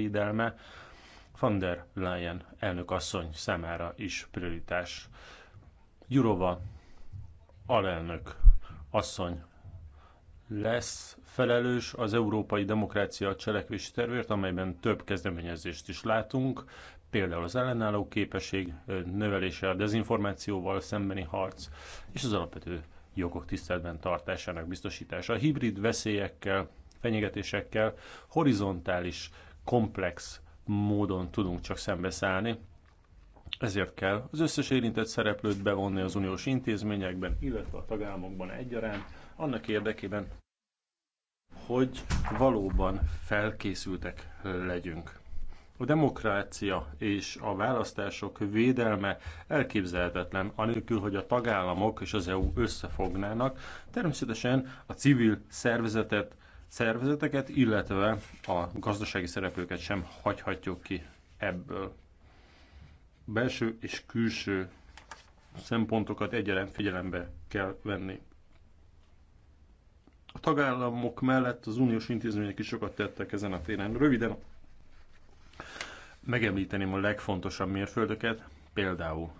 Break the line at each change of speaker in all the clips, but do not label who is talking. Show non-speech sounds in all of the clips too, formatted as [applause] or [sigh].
védelme van der Leyen elnökasszony számára is prioritás. Jurova alelnök asszony lesz felelős az Európai Demokrácia Cselekvési Tervért, amelyben több kezdeményezést is látunk, például az ellenálló képesség növelése, a dezinformációval szembeni harc és az alapvető jogok tiszteletben tartásának biztosítása. A hibrid veszélyekkel, fenyegetésekkel horizontális komplex módon tudunk csak szembeszállni. Ezért kell az összes érintett szereplőt bevonni az uniós intézményekben, illetve a tagállamokban egyaránt, annak érdekében, hogy valóban felkészültek legyünk. A demokrácia és a választások védelme elképzelhetetlen, anélkül, hogy a tagállamok és az EU összefognának. Természetesen a civil szervezetet szervezeteket, illetve a gazdasági szereplőket sem hagyhatjuk ki ebből. Belső és külső szempontokat egyaránt figyelembe kell venni. A tagállamok mellett az uniós intézmények is sokat tettek ezen a téren. Röviden megemlíteném a legfontosabb mérföldöket, például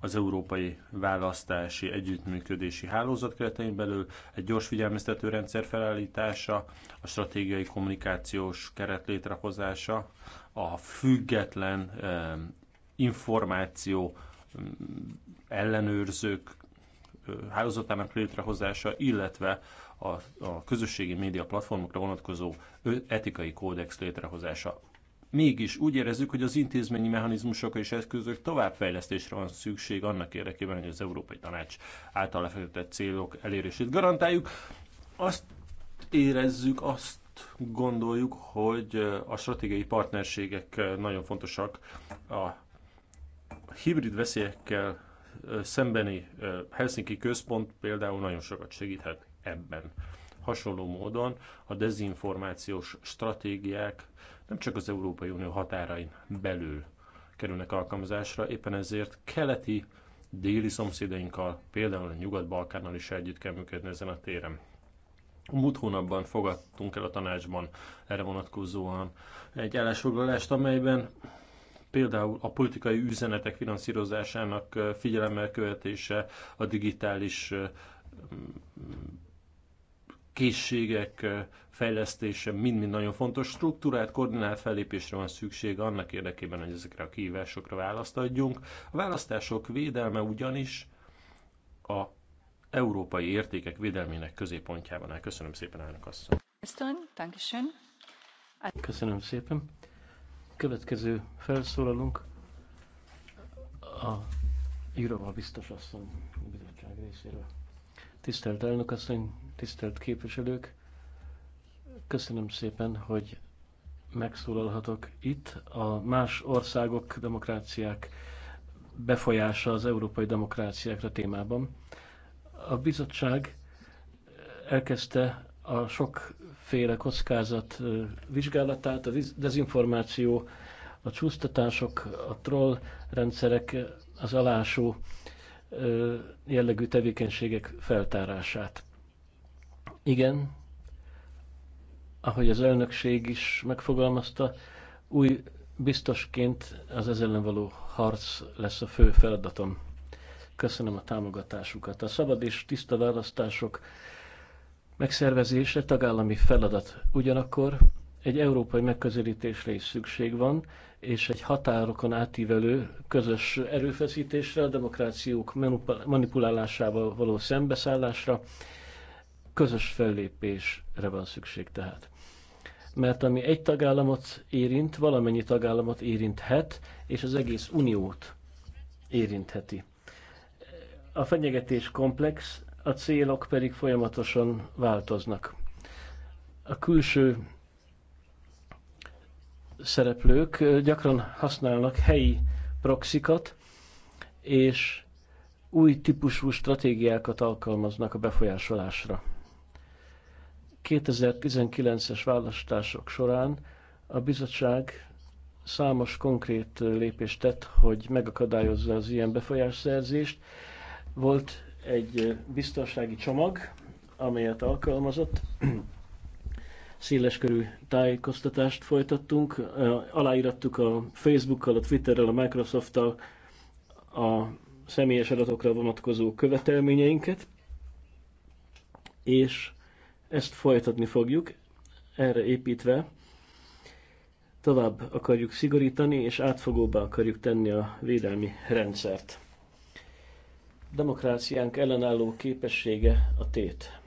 az európai választási együttműködési hálózat keretein belül, egy gyors figyelmeztető rendszer felállítása, a stratégiai kommunikációs keret létrehozása, a független információ ellenőrzők hálózatának létrehozása, illetve a, a közösségi média platformokra vonatkozó etikai kódex létrehozása. Mégis úgy érezzük, hogy az intézményi mechanizmusok és eszközök továbbfejlesztésre van szükség annak érdekében, hogy az Európai Tanács által lefektetett célok elérését garantáljuk. Azt érezzük, azt gondoljuk, hogy a stratégiai partnerségek nagyon fontosak a hibrid veszélyekkel szembeni Helsinki központ például nagyon sokat segíthet ebben. Hasonló módon a dezinformációs stratégiák nem csak az Európai Unió határain belül kerülnek alkalmazásra, éppen ezért keleti déli szomszédainkkal, például a Nyugat-Balkánnal is együtt kell működni ezen a téren. Múlt hónapban fogadtunk el a tanácsban erre vonatkozóan egy állásfoglalást, amelyben például a politikai üzenetek finanszírozásának figyelemmel követése, a digitális készségek eh, fejlesztése mind-mind nagyon fontos. Struktúrát, koordinált fellépésre van szükség annak érdekében, hogy ezekre a kihívásokra választ adjunk. A választások védelme ugyanis a európai értékek védelmének középpontjában áll. Köszönöm szépen, elnök asszony.
Köszönöm szépen. Következő felszólalunk a Jurova biztos asszony bizottság részéről. Tisztelt elnök asszony, tisztelt képviselők! Köszönöm szépen, hogy megszólalhatok itt. A más országok, demokráciák befolyása az európai demokráciákra témában. A bizottság elkezdte a sokféle kockázat vizsgálatát, a dezinformáció, a csúsztatások, a troll rendszerek, az alásó jellegű tevékenységek feltárását. Igen, ahogy az elnökség is megfogalmazta, új biztosként az ezzel ellen való harc lesz a fő feladatom. Köszönöm a támogatásukat. A szabad és tiszta választások megszervezése tagállami feladat. Ugyanakkor egy európai megközelítésre is szükség van, és egy határokon átívelő közös erőfeszítésre, a demokrációk manipulálásával való szembeszállásra, közös fellépésre van szükség tehát. Mert ami egy tagállamot érint, valamennyi tagállamot érinthet, és az egész uniót érintheti. A fenyegetés komplex, a célok pedig folyamatosan változnak. A külső szereplők gyakran használnak helyi proxikat, és új típusú stratégiákat alkalmaznak a befolyásolásra. 2019-es választások során a bizottság számos konkrét lépést tett, hogy megakadályozza az ilyen befolyásszerzést. Volt egy biztonsági csomag, amelyet alkalmazott, széleskörű tájékoztatást folytattunk, aláírattuk a Facebookkal, a Twitterrel, a Microsofttal a személyes adatokra vonatkozó követelményeinket, és ezt folytatni fogjuk, erre építve tovább akarjuk szigorítani, és átfogóbbá akarjuk tenni a védelmi rendszert. Demokráciánk ellenálló képessége a tét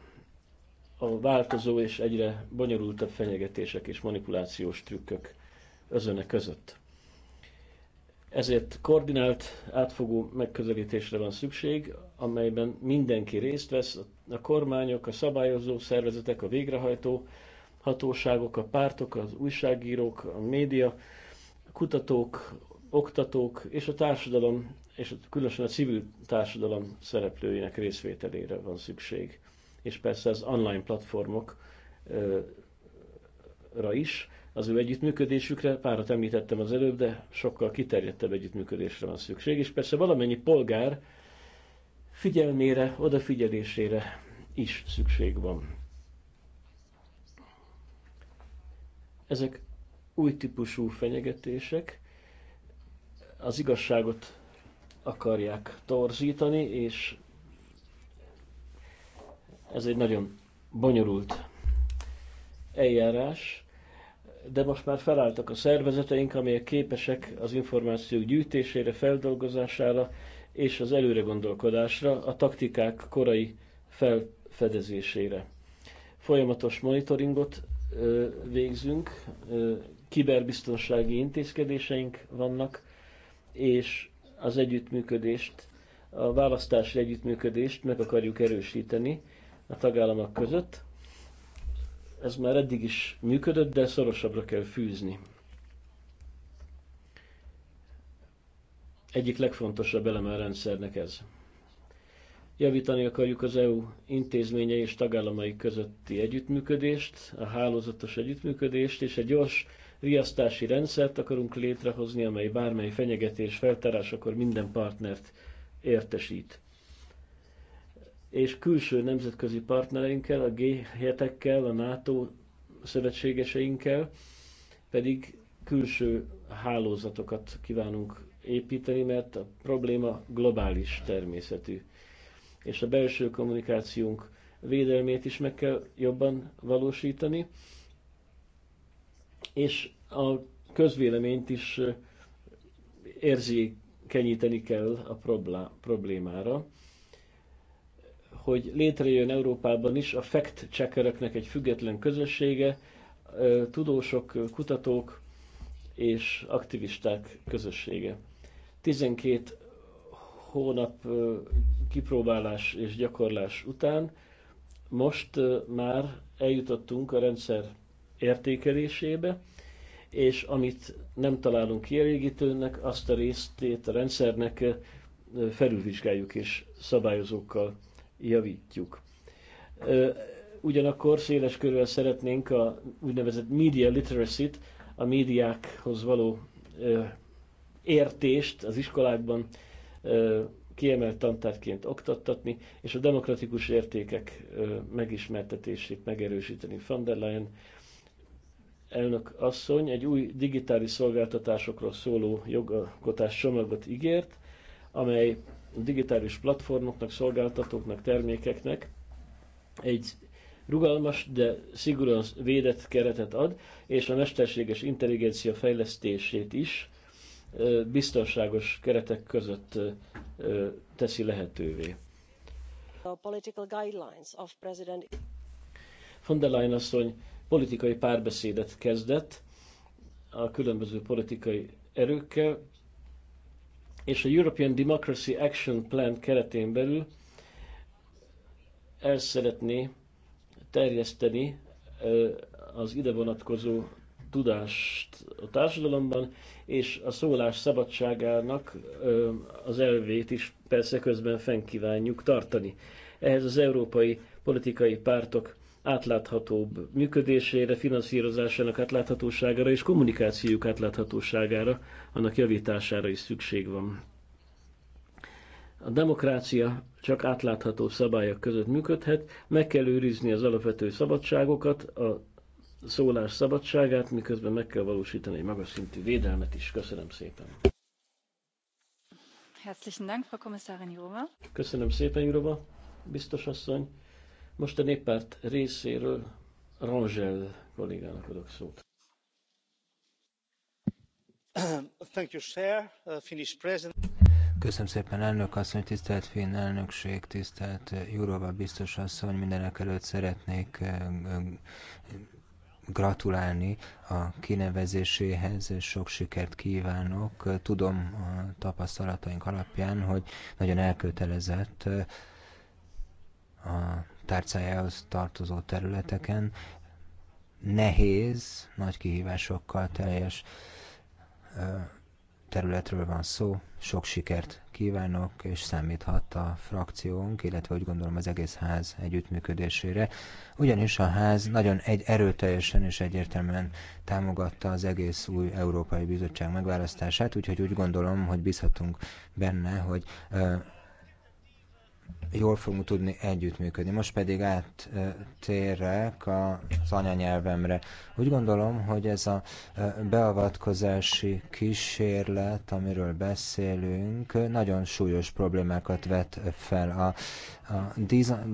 a változó és egyre bonyolultabb fenyegetések és manipulációs trükkök özöne között. Ezért koordinált, átfogó megközelítésre van szükség, amelyben mindenki részt vesz, a kormányok, a szabályozó szervezetek, a végrehajtó hatóságok, a pártok, az újságírók, a média, a kutatók, oktatók és a társadalom, és különösen a civil társadalom szereplőinek részvételére van szükség és persze az online platformokra is. Az ő együttműködésükre, párat említettem az előbb, de sokkal kiterjedtebb együttműködésre van szükség, és persze valamennyi polgár figyelmére, odafigyelésére is szükség van. Ezek új típusú fenyegetések, az igazságot akarják torzítani, és ez egy nagyon bonyolult eljárás, de most már felálltak a szervezeteink, amelyek képesek az információk gyűjtésére, feldolgozására és az előre gondolkodásra, a taktikák korai felfedezésére. Folyamatos monitoringot ö, végzünk, ö, kiberbiztonsági intézkedéseink vannak, és az együttműködést, a választási együttműködést meg akarjuk erősíteni, a tagállamok között. Ez már eddig is működött, de szorosabbra kell fűzni. Egyik legfontosabb eleme a rendszernek ez. Javítani akarjuk az EU intézményei és tagállamai közötti együttműködést, a hálózatos együttműködést, és egy gyors riasztási rendszert akarunk létrehozni, amely bármely fenyegetés akkor minden partnert értesít és külső nemzetközi partnereinkkel, a g a NATO szövetségeseinkkel pedig külső hálózatokat kívánunk építeni, mert a probléma globális természetű. És a belső kommunikációnk védelmét is meg kell jobban valósítani, és a közvéleményt is érzékenyíteni kell a problémára hogy létrejön Európában is a fact-checkereknek egy független közössége, tudósok, kutatók és aktivisták közössége. 12 hónap kipróbálás és gyakorlás után most már eljutottunk a rendszer értékelésébe, és amit nem találunk kielégítőnek, azt a résztét a rendszernek felülvizsgáljuk és szabályozókkal javítjuk. Ugyanakkor széles körül szeretnénk a úgynevezett media literacy-t, a médiákhoz való értést az iskolákban kiemelt tantárként oktattatni, és a demokratikus értékek megismertetését megerősíteni. Van der Leyen elnök asszony egy új digitális szolgáltatásokról szóló jogalkotás csomagot ígért, amely digitális platformoknak, szolgáltatóknak, termékeknek egy rugalmas, de szigorúan védett keretet ad, és a mesterséges intelligencia fejlesztését is biztonságos keretek között teszi lehetővé. Von der Leyen asszony politikai párbeszédet kezdett a különböző politikai erőkkel, és a European Democracy Action Plan keretén belül el szeretné terjeszteni az ide vonatkozó tudást a társadalomban, és a szólás szabadságának az elvét is persze közben fenn kívánjuk tartani. Ehhez az európai politikai pártok átláthatóbb működésére, finanszírozásának átláthatóságára és kommunikációjuk átláthatóságára, annak javítására is szükség van. A demokrácia csak átlátható szabályok között működhet, meg kell őrizni az alapvető szabadságokat, a szólás szabadságát, miközben meg kell valósítani egy magas szintű védelmet is. Köszönöm szépen!
Herzlichen Dank, Frau Kommissarin Jurova.
Köszönöm szépen, Jurova, biztos asszony. Most a néppárt részéről
Rangel kollégának adok szót.
Uh,
Köszönöm szépen, elnök asszony, tisztelt Finn elnökség, tisztelt uh, Jurova biztos asszony, mindenek előtt szeretnék uh, um, gratulálni a kinevezéséhez, és sok sikert kívánok. Tudom a tapasztalataink alapján, hogy nagyon elkötelezett a tárcájához tartozó területeken. Nehéz, nagy kihívásokkal teljes területről van szó. Sok sikert kívánok, és számíthat a frakciónk, illetve úgy gondolom az egész ház együttműködésére, ugyanis a ház nagyon egy erőteljesen és egyértelműen támogatta az egész új Európai Bizottság megválasztását, úgyhogy úgy gondolom, hogy bízhatunk benne, hogy jól fogunk tudni együttműködni. Most pedig áttérek az anyanyelvemre. Úgy gondolom, hogy ez a beavatkozási kísérlet, amiről beszélünk, nagyon súlyos problémákat vet fel. A, a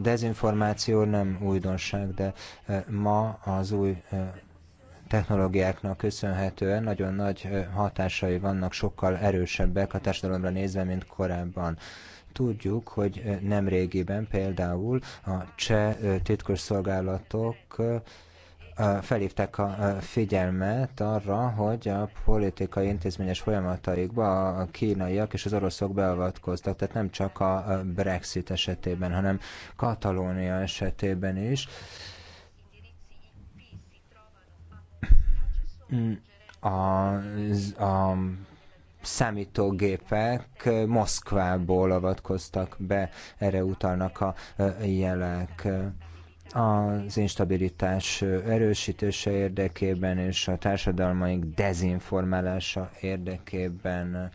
dezinformáció nem újdonság, de ma az új technológiáknak köszönhetően nagyon nagy hatásai vannak, sokkal erősebbek a társadalomra nézve, mint korábban Tudjuk, hogy eh, nem régiben, például a cseh eh, titkosszolgálatok eh, felhívták a figyelmet arra, hogy a politikai intézményes folyamataikba a kínaiak és az oroszok beavatkoztak, tehát nem csak a Brexit esetében, hanem Katalónia esetében is. Mm, a, a számítógépek Moszkvából avatkoztak be, erre utalnak a jelek az instabilitás erősítése érdekében és a társadalmaink dezinformálása érdekében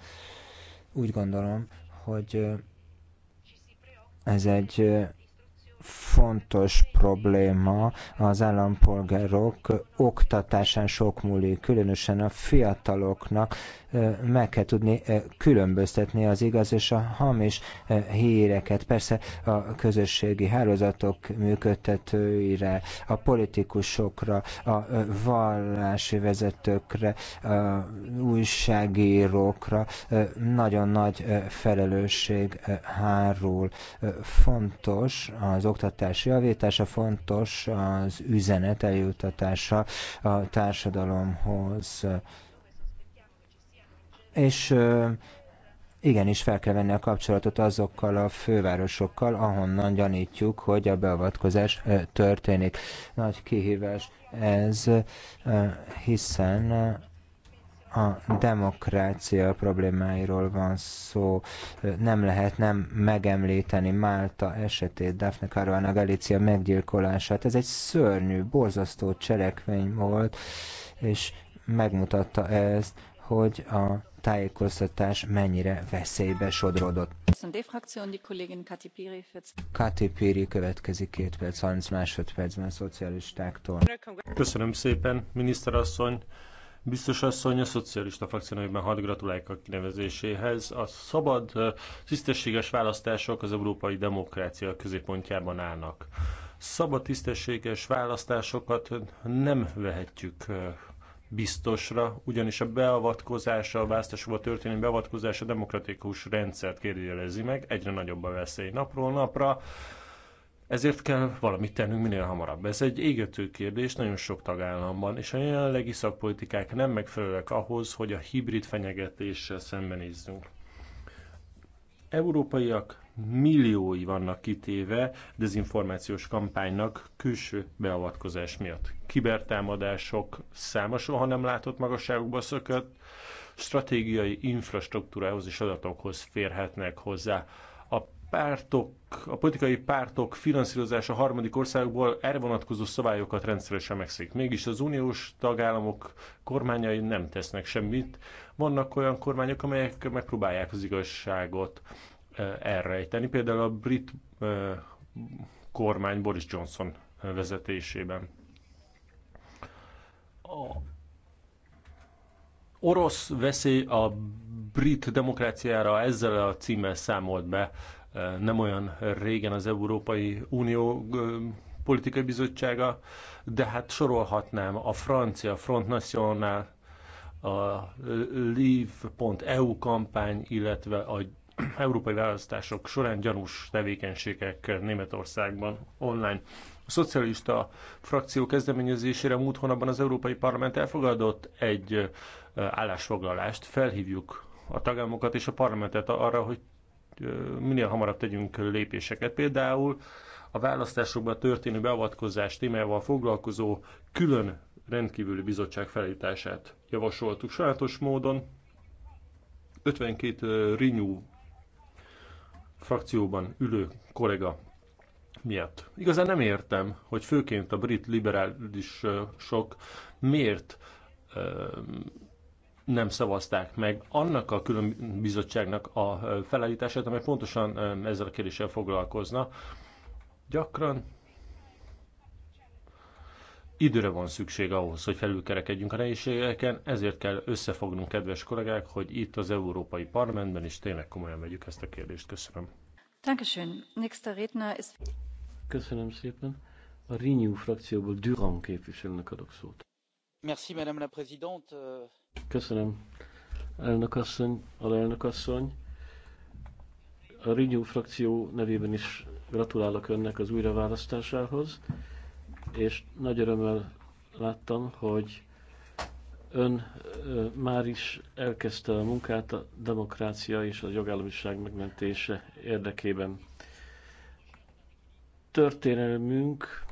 úgy gondolom, hogy ez egy fontos probléma az állampolgárok oktatásán sok múlik, különösen a fiataloknak meg kell tudni különböztetni az igaz és a hamis híreket. Persze a közösségi hálózatok működtetőire, a politikusokra, a vallási vezetőkre, a újságírókra nagyon nagy felelősség hárul. Fontos az oktatás javítása, fontos az üzenet eljutatása a társadalomhoz és igenis fel kell venni a kapcsolatot azokkal a fővárosokkal, ahonnan gyanítjuk, hogy a beavatkozás történik. Nagy kihívás ez, hiszen a demokrácia problémáiról van szó. Nem lehet nem megemlíteni Málta esetét, Daphne Caruana Galicia meggyilkolását. Ez egy szörnyű, borzasztó cselekvény volt, és megmutatta ezt, hogy a tájékoztatás mennyire veszélybe sodródott. Kati Piri következik két perc, 30 másodpercben a szocialistáktól.
Köszönöm szépen, miniszterasszony. Biztos asszony a szocialista frakciónőben hadd gratuláljak a kinevezéséhez. A szabad, tisztességes választások az európai demokrácia középpontjában állnak. Szabad, tisztességes választásokat nem vehetjük biztosra, ugyanis a beavatkozása, a választásokba történő beavatkozása demokratikus rendszert kérdőjelezi meg, egyre nagyobb a veszély napról napra, ezért kell valamit tennünk minél hamarabb. Ez egy égető kérdés nagyon sok tagállamban, és a jelenlegi szakpolitikák nem megfelelőek ahhoz, hogy a hibrid fenyegetéssel szembenézzünk. Európaiak milliói vannak kitéve dezinformációs kampánynak külső beavatkozás miatt. Kibertámadások száma soha nem látott magasságokba szökött, stratégiai infrastruktúrához és adatokhoz férhetnek hozzá. A pártok, a politikai pártok finanszírozása harmadik országokból erre vonatkozó szabályokat rendszeresen megszik. Mégis az uniós tagállamok kormányai nem tesznek semmit. Vannak olyan kormányok, amelyek megpróbálják az igazságot elrejteni, például a brit kormány Boris Johnson vezetésében. A orosz veszély a brit demokráciára ezzel a címmel számolt be nem olyan régen az Európai Unió politikai bizottsága, de hát sorolhatnám a francia Front National, a Leave.eu kampány, illetve a európai választások során gyanús tevékenységek Németországban online. A szocialista frakció kezdeményezésére múlt hónapban az Európai Parlament elfogadott egy állásfoglalást. Felhívjuk a tagállamokat és a parlamentet arra, hogy minél hamarabb tegyünk lépéseket. Például a választásokban történő beavatkozás témával foglalkozó külön rendkívüli bizottság felállítását javasoltuk. Sajátos módon 52 Renew frakcióban ülő kollega miatt. Igazán nem értem, hogy főként a brit liberális sok miért nem szavazták meg annak a külön bizottságnak a felállítását, amely pontosan ezzel a kérdéssel foglalkozna. Gyakran Időre van szükség ahhoz, hogy felülkerekedjünk a nehézségeken, ezért kell összefognunk, kedves kollégák, hogy itt az Európai Parlamentben is tényleg komolyan vegyük ezt a kérdést. Köszönöm.
Köszönöm szépen. A Renew frakcióból Durand képviselőnek adok szót.
Merci, Madame la Présidente.
Köszönöm, elnök asszony, alelnök asszony. A Renew frakció nevében is gratulálok önnek az újraválasztásához és nagy örömmel láttam, hogy ön már is elkezdte a munkát a demokrácia és a jogállamiság megmentése érdekében. Történelmünk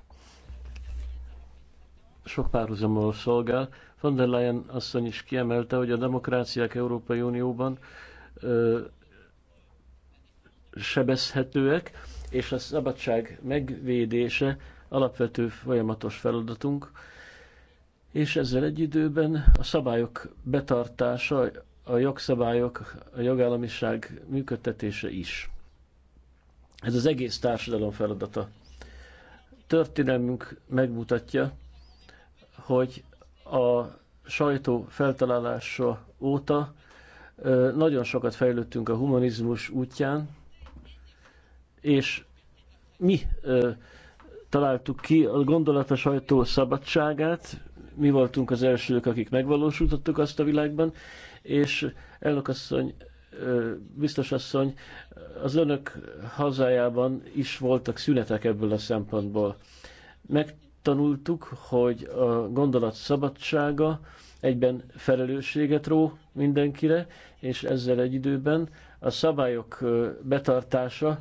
sok párhuzamról szolgál. Von der Leyen asszony is kiemelte, hogy a demokráciák Európai Unióban ö, sebezhetőek, és a szabadság megvédése alapvető folyamatos feladatunk, és ezzel egy időben a szabályok betartása, a jogszabályok, a jogállamiság működtetése is. Ez az egész társadalom feladata. Történelmünk megmutatja, hogy a sajtó feltalálása óta nagyon sokat fejlődtünk a humanizmus útján, és mi találtuk ki a gondolata sajtó szabadságát, mi voltunk az elsők, akik megvalósítottuk azt a világban, és elnökasszony, biztos az önök hazájában is voltak szünetek ebből a szempontból. Megtanultuk, hogy a gondolat szabadsága egyben felelősséget ró mindenkire, és ezzel egy időben a szabályok betartása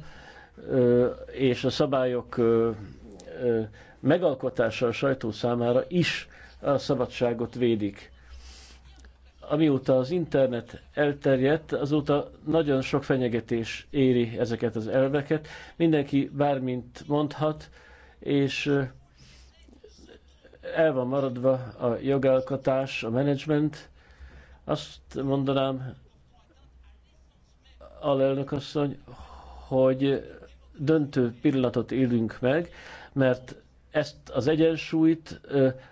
és a szabályok megalkotása a sajtó számára is a szabadságot védik. Amióta az internet elterjedt, azóta nagyon sok fenyegetés éri ezeket az elveket. Mindenki bármint mondhat, és el van maradva a jogalkotás, a menedzsment. Azt mondanám, alelnök asszony, hogy döntő pillanatot élünk meg, mert ezt az egyensúlyt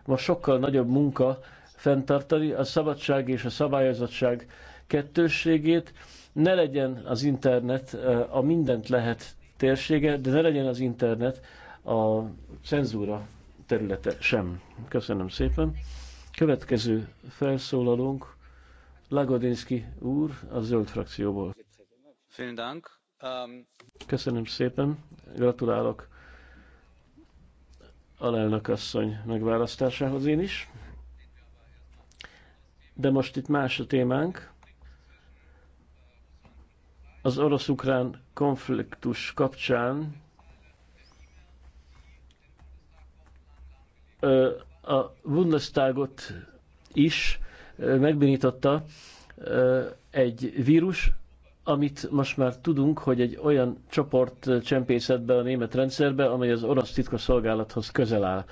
ma sokkal nagyobb munka fenntartani, a szabadság és a szabályozottság kettősségét. Ne legyen az internet a mindent lehet térsége, de ne legyen az internet a cenzúra területe sem. Köszönöm szépen. Következő felszólalónk Lagodinski úr a Zöld frakcióból. Ähm, Köszönöm szépen, gratulálok alelnök asszony megválasztásához én is. De most itt más a témánk. Az orosz-ukrán konfliktus kapcsán a Bundestagot is megbénította egy vírus, amit most már tudunk, hogy egy olyan csoport csempészett be a német rendszerbe, amely az orosz titkosszolgálathoz közel áll.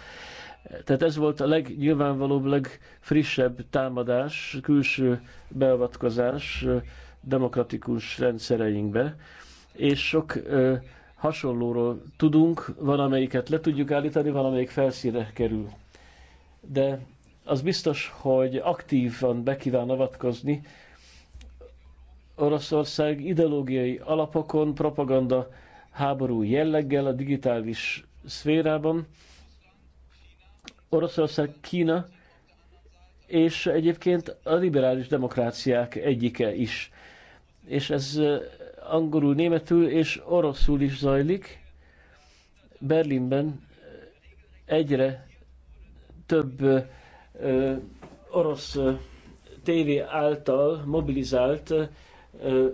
Tehát ez volt a legnyilvánvalóbb, legfrissebb támadás, külső beavatkozás demokratikus rendszereinkbe, és sok ö, hasonlóról tudunk, van amelyiket le tudjuk állítani, van amelyik felszínre kerül. De az biztos, hogy aktívan be kíván avatkozni Oroszország ideológiai alapokon, propaganda háború jelleggel a digitális szférában. Oroszország, Kína és egyébként a liberális demokráciák egyike is. És ez angolul, németül és oroszul is zajlik. Berlinben egyre több ö, orosz tévé által mobilizált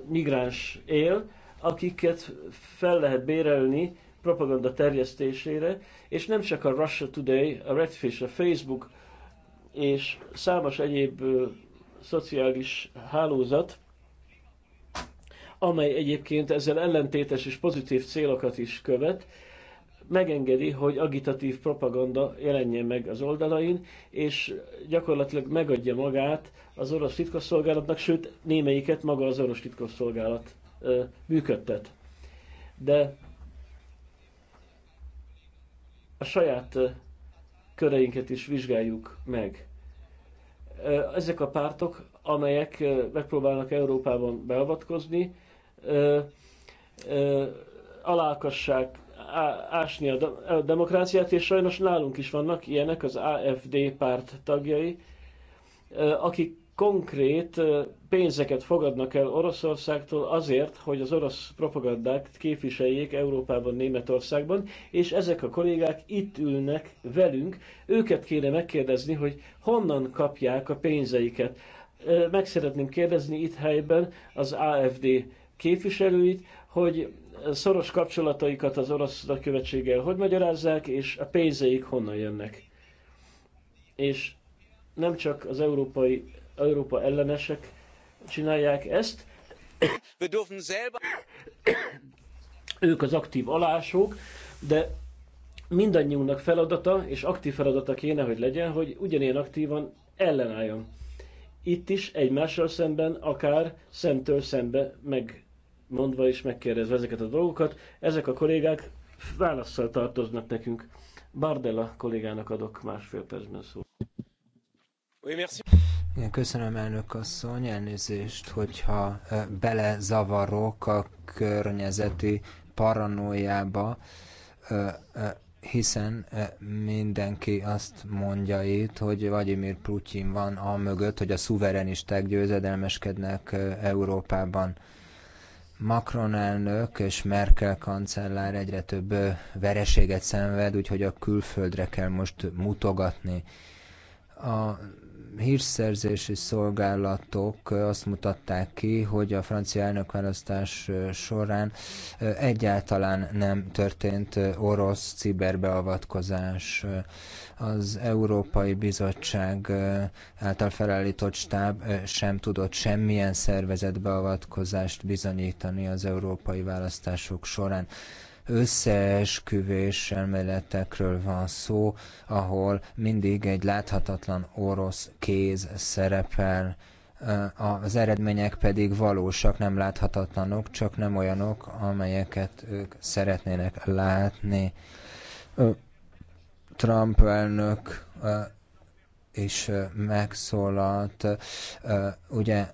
migráns él, akiket fel lehet bérelni propaganda terjesztésére, és nem csak a Russia Today, a Redfish, a Facebook és számos egyéb szociális hálózat, amely egyébként ezzel ellentétes és pozitív célokat is követ, megengedi, hogy agitatív propaganda jelenjen meg az oldalain, és gyakorlatilag megadja magát az orosz titkosszolgálatnak, sőt némelyiket maga az orosz titkosszolgálat ö, működtet. De a saját köreinket is vizsgáljuk meg. Ezek a pártok, amelyek megpróbálnak Európában beavatkozni, alákassák ásni a demokráciát, és sajnos nálunk is vannak ilyenek az AFD párt tagjai, akik konkrét pénzeket fogadnak el Oroszországtól azért, hogy az orosz propagandát képviseljék Európában, Németországban, és ezek a kollégák itt ülnek velünk, őket kéne megkérdezni, hogy honnan kapják a pénzeiket. Meg szeretném kérdezni itt helyben az AFD képviselőit, hogy szoros kapcsolataikat az orosz nagykövetséggel hogy magyarázzák, és a pénzeik honnan jönnek. És nem csak az európai, Európa ellenesek csinálják ezt, ők az aktív alások, de mindannyiunknak feladata és aktív feladata kéne, hogy legyen, hogy ugyanilyen aktívan ellenálljon. Itt is egymással szemben, akár szemtől szembe meg mondva és megkérdezve ezeket a dolgokat. Ezek a kollégák válaszsal tartoznak nekünk. Bardella kollégának adok másfél percben szót.
Köszönöm, elnök asszony, elnézést, hogyha belezavarok a környezeti paranoiába, hiszen mindenki azt mondja itt, hogy Vladimir Putyin van a mögött, hogy a szuverenisták győzedelmeskednek Európában. Macron elnök és Merkel kancellár egyre több vereséget szenved, úgyhogy a külföldre kell most mutogatni. A hírszerzési szolgálatok azt mutatták ki, hogy a francia elnökválasztás során egyáltalán nem történt orosz ciberbeavatkozás. Az Európai Bizottság által felállított stáb sem tudott semmilyen szervezetbeavatkozást bizonyítani az európai választások során összeesküvés elméletekről van szó, ahol mindig egy láthatatlan orosz kéz szerepel, az eredmények pedig valósak, nem láthatatlanok, csak nem olyanok, amelyeket ők szeretnének látni. Trump elnök is megszólalt. Ugye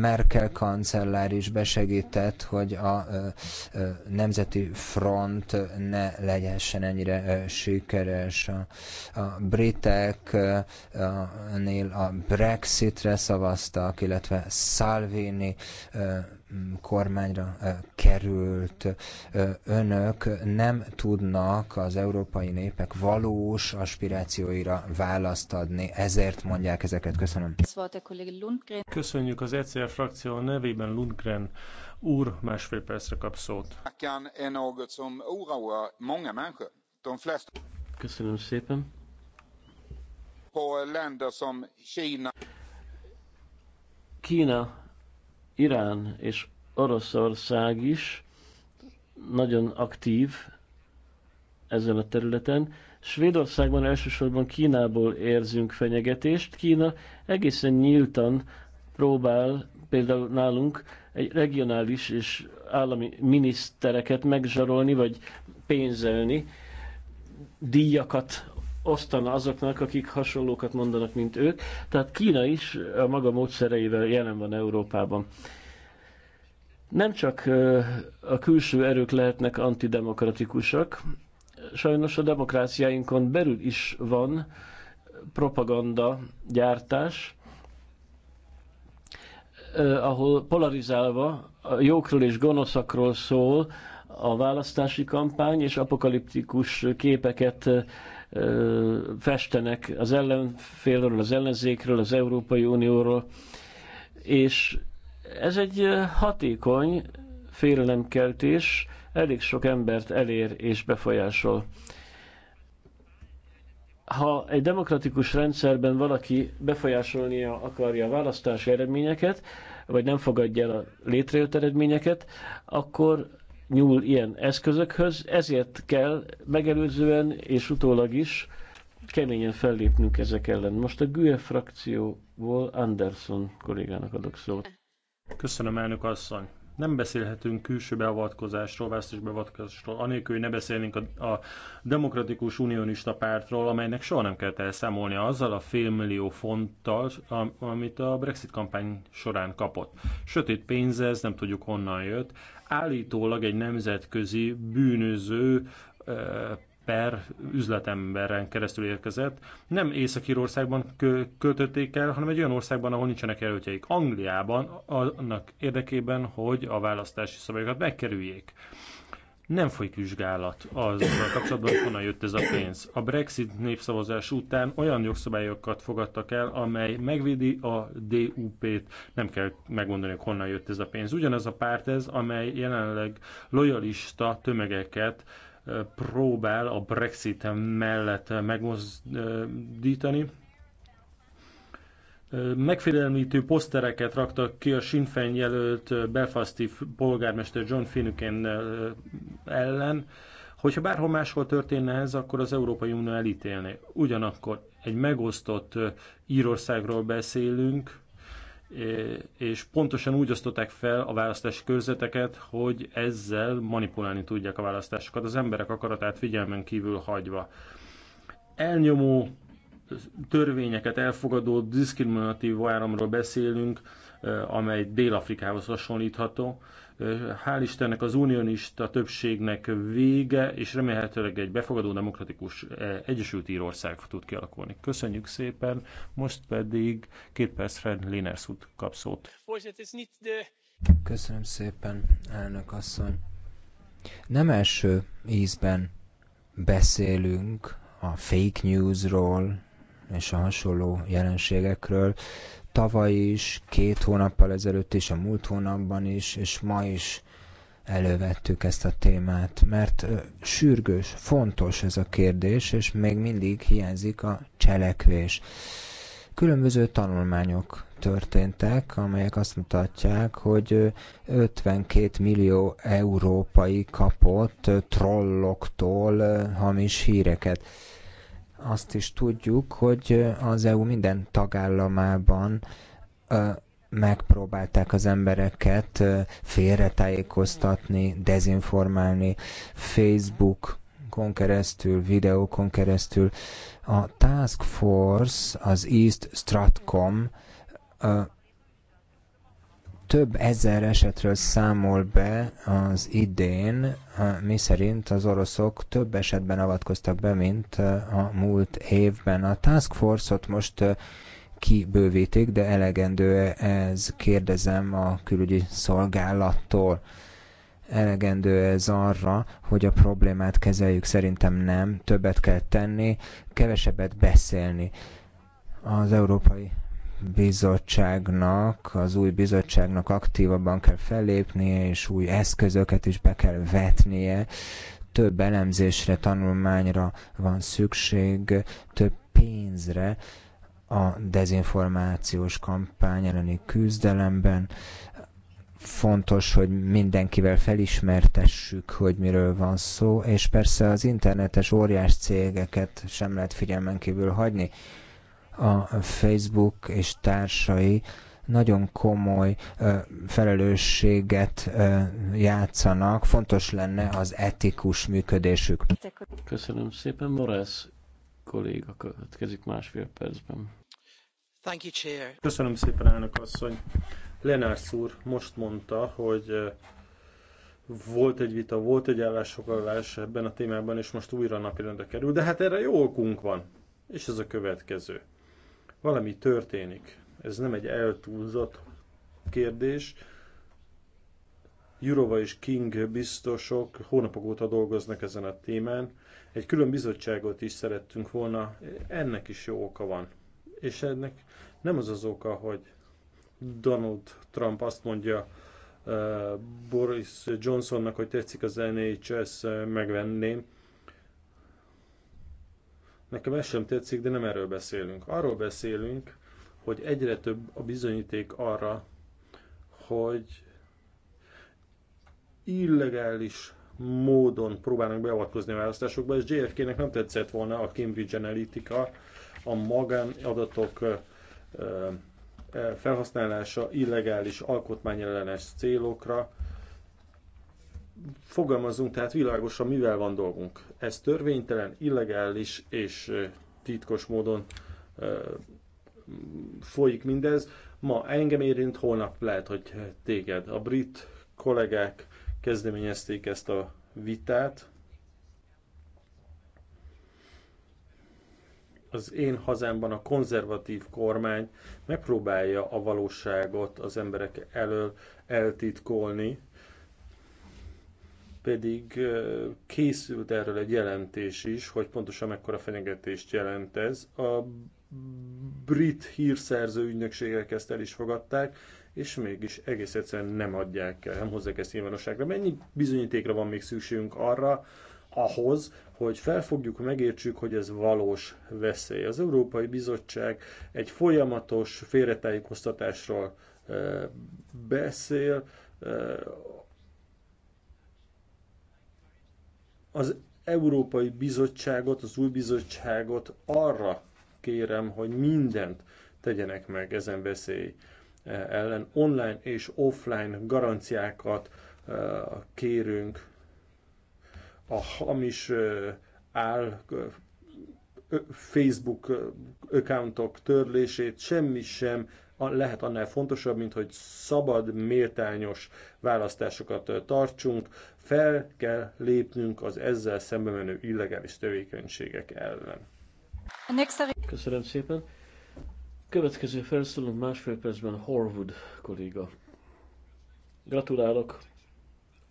Merkel kancellár is besegített, hogy a nemzeti front ne legyen ennyire sikeres. A briteknél a Brexitre szavaztak, illetve Salvini Mm, kormányra került önök nem tudnak az európai népek valós aspirációira választ adni. Ezért mondják ezeket. Köszönöm.
Köszönjük az ECR frakció nevében Lundgren úr másfél percre kap szót.
Köszönöm szépen. Kína Irán és Oroszország is nagyon aktív ezen a területen. Svédországban elsősorban Kínából érzünk fenyegetést. Kína egészen nyíltan próbál például nálunk egy regionális és állami minisztereket megzsarolni, vagy pénzelni, díjakat osztana azoknak, akik hasonlókat mondanak, mint ők. Tehát Kína is a maga módszereivel jelen van Európában. Nem csak a külső erők lehetnek antidemokratikusak, sajnos a demokráciáinkon belül is van propaganda gyártás, ahol polarizálva a jókról és gonoszakról szól a választási kampány, és apokaliptikus képeket festenek az ellenfélről, az ellenzékről, az Európai Unióról, és ez egy hatékony félelemkeltés, elég sok embert elér és befolyásol. Ha egy demokratikus rendszerben valaki befolyásolnia akarja a választási eredményeket, vagy nem fogadja el a létrejött eredményeket, akkor nyúl ilyen eszközökhöz, ezért kell megelőzően és utólag is keményen fellépnünk ezek ellen. Most a GUE frakcióból Anderson kollégának adok szót.
Köszönöm, elnök
asszony! Nem beszélhetünk külső beavatkozásról,
választási beavatkozásról, anélkül, hogy ne beszélnénk a, a Demokratikus Unionista Pártról, amelynek soha nem kellett elszámolni azzal a félmillió fonttal, amit a Brexit kampány során kapott. Sötét pénz ez, nem tudjuk honnan jött. Állítólag egy nemzetközi bűnöző per üzletemberen keresztül érkezett. Nem Észak-Írországban költötték el, hanem egy olyan országban, ahol nincsenek előtjeik. Angliában annak érdekében, hogy a választási szabályokat megkerüljék. Nem folyik vizsgálat azzal kapcsolatban, hogy honnan jött ez a pénz. A Brexit népszavazás után olyan jogszabályokat fogadtak el, amely megvédi a DUP-t. Nem kell megmondani, hogy honnan jött ez a pénz. Ugyanaz a párt ez, amely jelenleg lojalista tömegeket próbál a Brexit mellett megmozdítani. Megfélemlítő posztereket raktak ki a Sinn Féin jelölt belfasti polgármester John Finucane ellen. Hogyha bárhol máshol történne ez, akkor az Európai Unió elítélné. Ugyanakkor egy megosztott Írországról beszélünk, és pontosan úgy osztották fel a választási körzeteket, hogy ezzel manipulálni tudják a választásokat, az emberek akaratát figyelmen kívül hagyva. Elnyomó törvényeket elfogadó diszkriminatív áramról beszélünk, amely Dél-Afrikához hasonlítható, Hál' Istennek az unionista többségnek vége, és remélhetőleg egy befogadó demokratikus Egyesült Írország tud kialakulni. Köszönjük szépen, most pedig két percre Liners út kap
szót. Köszönöm szépen, elnök asszony. Nem első ízben beszélünk a fake newsról és a hasonló jelenségekről, tavaly is, két hónappal ezelőtt is, a múlt hónapban is, és ma is elővettük ezt a témát, mert sürgős, fontos ez a kérdés, és még mindig hiányzik a cselekvés. Különböző tanulmányok történtek, amelyek azt mutatják, hogy 52 millió európai kapott trolloktól hamis híreket azt is tudjuk, hogy az EU minden tagállamában megpróbálták az embereket félretájékoztatni, dezinformálni, Facebookon keresztül, videókon keresztül. A Task Force, az East Stratcom több ezer esetről számol be az idén, miszerint az oroszok több esetben avatkoztak be, mint a múlt évben. A Task Force-ot most kibővítik, de elegendő -e ez, kérdezem a külügyi szolgálattól. Elegendő -e ez arra, hogy a problémát kezeljük, szerintem nem, többet kell tenni, kevesebbet beszélni. Az Európai bizottságnak, az új bizottságnak aktívabban kell fellépnie, és új eszközöket is be kell vetnie. Több elemzésre, tanulmányra van szükség, több pénzre a dezinformációs kampány elleni küzdelemben. Fontos, hogy mindenkivel felismertessük, hogy miről van szó, és persze az internetes óriás cégeket sem lehet figyelmen kívül hagyni a Facebook és társai nagyon komoly felelősséget játszanak. Fontos lenne az etikus működésük. Köszönöm szépen, Morász kolléga
következik másfél percben.
Thank you, Chair. Köszönöm szépen, elnök asszony. Lenárs úr most mondta, hogy volt egy vita, volt egy állásfoglalás ebben a témában, és most újra napirendre kerül, de hát erre jó okunk van. És ez a következő valami történik. Ez nem egy eltúlzott kérdés. Jurova és King biztosok hónapok óta dolgoznak ezen a témán. Egy külön bizottságot is szerettünk volna, ennek is jó oka van. És ennek nem az az oka, hogy Donald Trump azt mondja uh, Boris Johnsonnak, hogy tetszik az NHS, megvenném, Nekem ez sem tetszik, de nem erről beszélünk. Arról beszélünk, hogy egyre több a bizonyíték arra, hogy illegális módon próbálnak beavatkozni a választásokba, és JFK-nek nem tetszett volna a Cambridge Analytica, a magánadatok felhasználása illegális alkotmányellenes célokra, Fogalmazunk tehát világosan, mivel van dolgunk. Ez törvénytelen, illegális és titkos módon folyik mindez. Ma engem érint, holnap lehet, hogy téged. A brit kollégák kezdeményezték ezt a vitát. Az én hazámban a konzervatív kormány megpróbálja a valóságot az emberek elől eltitkolni, pedig készült erről egy jelentés is, hogy pontosan mekkora fenyegetést jelent ez. A brit hírszerző ügynökségek ezt el is fogadták, és mégis egész egyszerűen nem adják el, nem hozzák ezt nyilvánosságra. Mennyi bizonyítékra van még szükségünk arra, ahhoz, hogy felfogjuk, megértsük, hogy ez valós veszély. Az Európai Bizottság egy folyamatos félretájékoztatásról beszél, Az Európai Bizottságot, az új bizottságot arra kérem, hogy mindent tegyenek meg ezen veszély eh, ellen. Online és offline garanciákat eh, kérünk a hamis eh, áll Facebook accountok törlését, semmi sem lehet annál fontosabb, mint hogy szabad, méltányos választásokat tartsunk, fel kell lépnünk az ezzel szembe menő illegális tevékenységek ellen.
Köszönöm szépen. Következő felszólunk másfél percben Horwood kolléga. Gratulálok,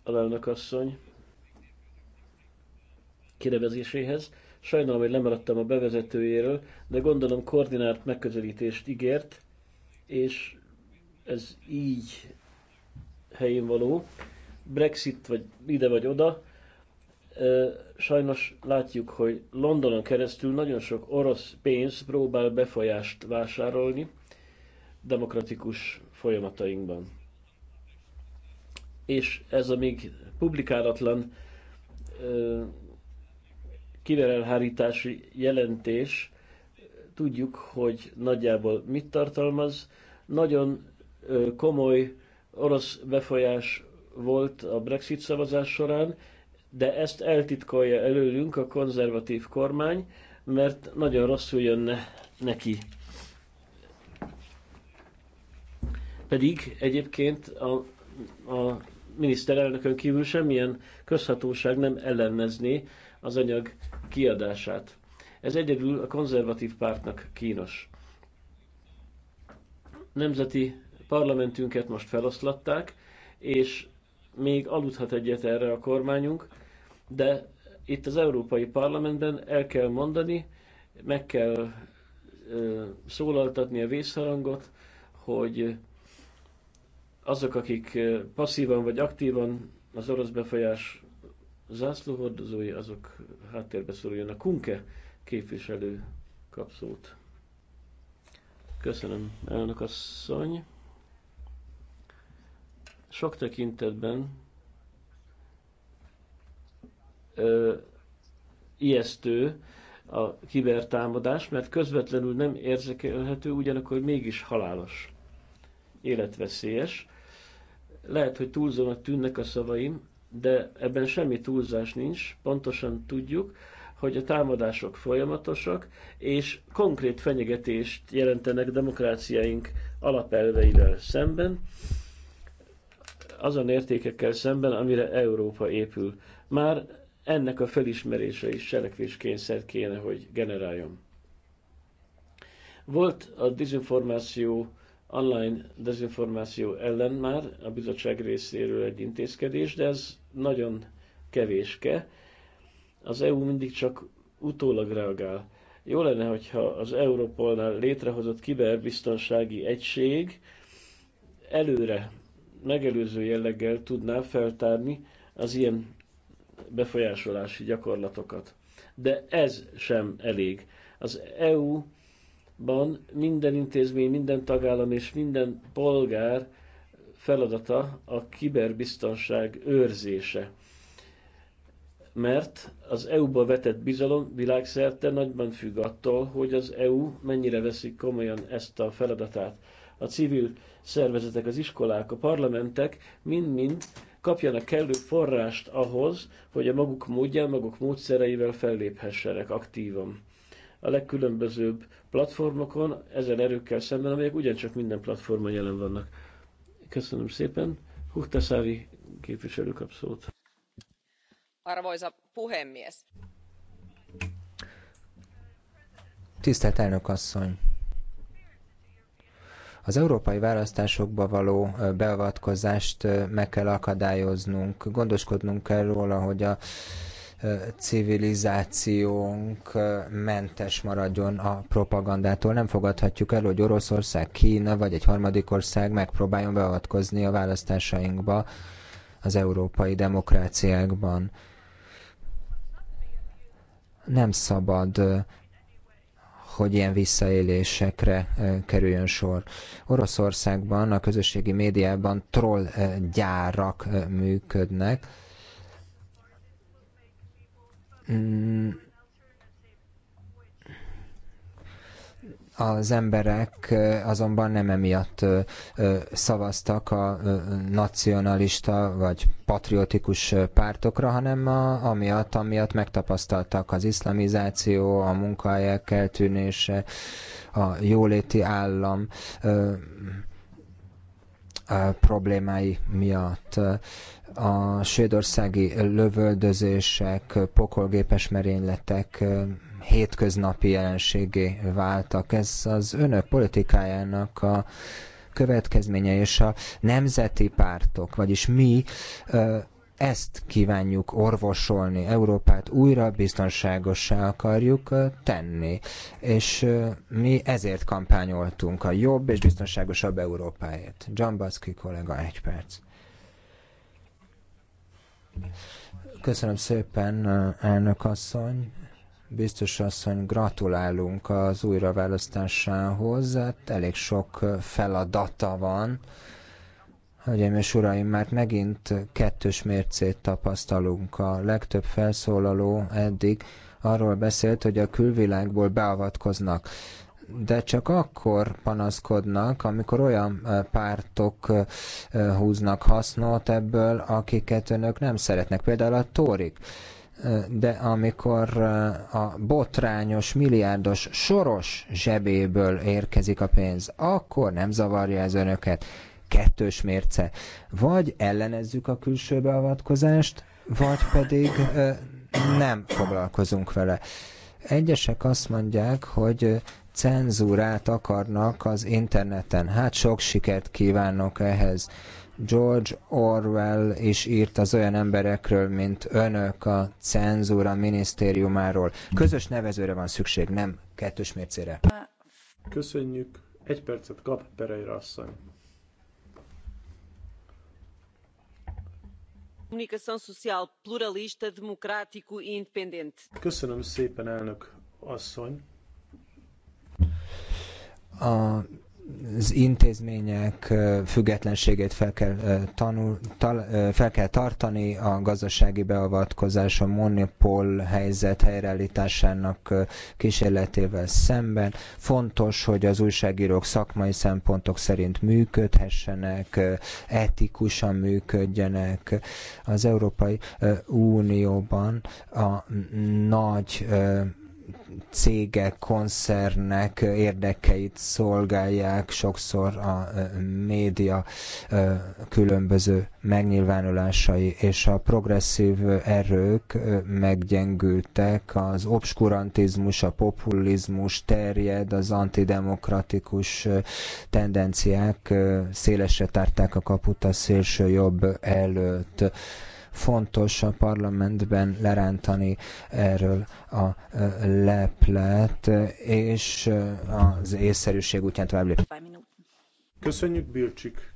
alelnök asszony, kinevezéséhez. Sajnálom, hogy lemaradtam a bevezetőjéről, de gondolom koordinált megközelítést ígért, és ez így helyén való. Brexit vagy ide vagy oda, sajnos látjuk, hogy Londonon keresztül nagyon sok orosz pénz próbál befolyást vásárolni demokratikus folyamatainkban. És ez a még publikálatlan kiverelhárítási jelentés tudjuk, hogy nagyjából mit tartalmaz. Nagyon komoly orosz befolyás volt a Brexit szavazás során, de ezt eltitkolja előlünk a konzervatív kormány, mert nagyon rosszul jönne neki. Pedig egyébként a, a miniszterelnökön kívül semmilyen közhatóság nem ellenezné az anyag kiadását. Ez egyedül a konzervatív pártnak kínos. Nemzeti parlamentünket most feloszlatták, és még aludhat egyet erre a kormányunk, de itt az Európai Parlamentben el kell mondani, meg kell szólaltatni a vészharangot, hogy azok, akik passzívan vagy aktívan az orosz befolyás zászlóhordozói, azok háttérbe szoruljanak. Kunke képviselő kap szót. Köszönöm, elnök asszony. Sok tekintetben ö, ijesztő a kibertámadás, mert közvetlenül nem érzékelhető, ugyanakkor mégis halálos, életveszélyes. Lehet, hogy túlzónak tűnnek a szavaim, de ebben semmi túlzás nincs, pontosan tudjuk, hogy a támadások folyamatosak, és konkrét fenyegetést jelentenek demokráciáink alapelveivel szemben, azon értékekkel szemben, amire Európa épül. Már ennek a felismerése is cselekvéskényszer kéne, hogy generáljon. Volt a dezinformáció, online dezinformáció ellen már a bizottság részéről egy intézkedés, de ez nagyon kevéske az EU mindig csak utólag reagál. Jó lenne, hogyha az Európolnál létrehozott kiberbiztonsági egység előre, megelőző jelleggel tudná feltárni az ilyen befolyásolási gyakorlatokat. De ez sem elég. Az EU-ban minden intézmény, minden tagállam és minden polgár feladata a kiberbiztonság őrzése mert az EU-ba vetett bizalom világszerte nagyban függ attól, hogy az EU mennyire veszik komolyan ezt a feladatát. A civil szervezetek, az iskolák, a parlamentek mind-mind kapjanak kellő forrást ahhoz, hogy a maguk módján, maguk módszereivel felléphessenek aktívan. A legkülönbözőbb platformokon, ezen erőkkel szemben, amelyek ugyancsak minden platformon jelen vannak. Köszönöm szépen. Huktaszári képviselő kap szót
arvoisa puhemies
tisztelt elnök asszony! Az európai választásokba való beavatkozást meg kell akadályoznunk, gondoskodnunk kell róla, hogy a civilizációnk mentes maradjon a propagandától. Nem fogadhatjuk el, hogy Oroszország, Kína vagy egy harmadik ország megpróbáljon beavatkozni a választásainkba az európai demokráciákban nem szabad, hogy ilyen visszaélésekre kerüljön sor. Oroszországban a közösségi médiában troll gyárak működnek. Az emberek azonban nem emiatt szavaztak a nacionalista vagy patriotikus pártokra, hanem a, amiatt, amiatt megtapasztaltak az iszlamizáció, a munkahelyek eltűnése, a jóléti állam problémái miatt. A svédországi lövöldözések, pokolgépes merényletek hétköznapi jelenségé váltak. Ez az önök politikájának a következménye, és a nemzeti pártok, vagyis mi ezt kívánjuk orvosolni, Európát újra biztonságossá akarjuk tenni, és mi ezért kampányoltunk a jobb és biztonságosabb Európáért. John Baszki kollega, egy perc. Köszönöm szépen, elnök asszony. Biztos asszony, gratulálunk az újraválasztásához. Hát elég sok feladata van Hölgyeim és uraim, már megint kettős mércét tapasztalunk. A legtöbb felszólaló eddig arról beszélt, hogy a külvilágból beavatkoznak de csak akkor panaszkodnak, amikor olyan pártok húznak hasznot ebből, akiket önök nem szeretnek, például a tórik. De amikor a botrányos, milliárdos soros zsebéből érkezik a pénz, akkor nem zavarja ez önöket kettős mérce. Vagy ellenezzük a külső beavatkozást, vagy pedig nem foglalkozunk vele. Egyesek azt mondják, hogy cenzúrát akarnak az interneten. Hát sok sikert kívánok ehhez. George Orwell is írt az olyan emberekről, mint önök a cenzúra minisztériumáról. Közös nevezőre van szükség, nem kettős mércére.
Köszönjük. Egy percet kap Pereira asszony. E Köszönöm szépen, elnök asszony.
A az intézmények függetlenségét fel kell, tanul, tal, fel kell tartani, a gazdasági beavatkozás a monopól helyzet helyreállításának kísérletével szemben. Fontos, hogy az újságírók szakmai szempontok szerint működhessenek, etikusan működjenek. Az Európai Unióban a nagy cégek, koncernek érdekeit szolgálják sokszor a média különböző megnyilvánulásai, és a progresszív erők meggyengültek, az obskurantizmus, a populizmus terjed, az antidemokratikus tendenciák szélesre tárták a kaput a szélső jobb előtt fontos a parlamentben lerántani erről a leplet, és az észszerűség útján tovább lépni.
Köszönjük, Bilcsik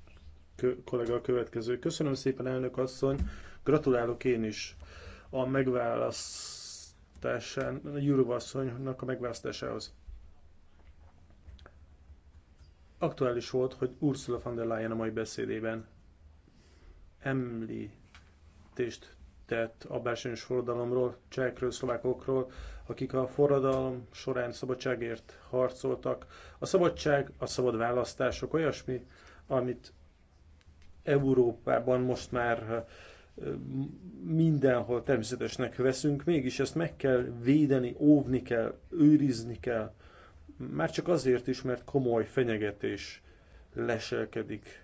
kollega a következő. Köszönöm szépen, elnök asszony. Gratulálok én is a megválasztásán, a Jurva asszonynak a megválasztásához. Aktuális volt, hogy Ursula von der Leyen a mai beszédében említ említést tett a belsős forradalomról, csehekről, szlovákokról, akik a forradalom során szabadságért harcoltak. A szabadság, a szabad választások olyasmi, amit Európában most már mindenhol természetesnek veszünk, mégis ezt meg kell védeni, óvni kell, őrizni kell, már csak azért is, mert komoly fenyegetés leselkedik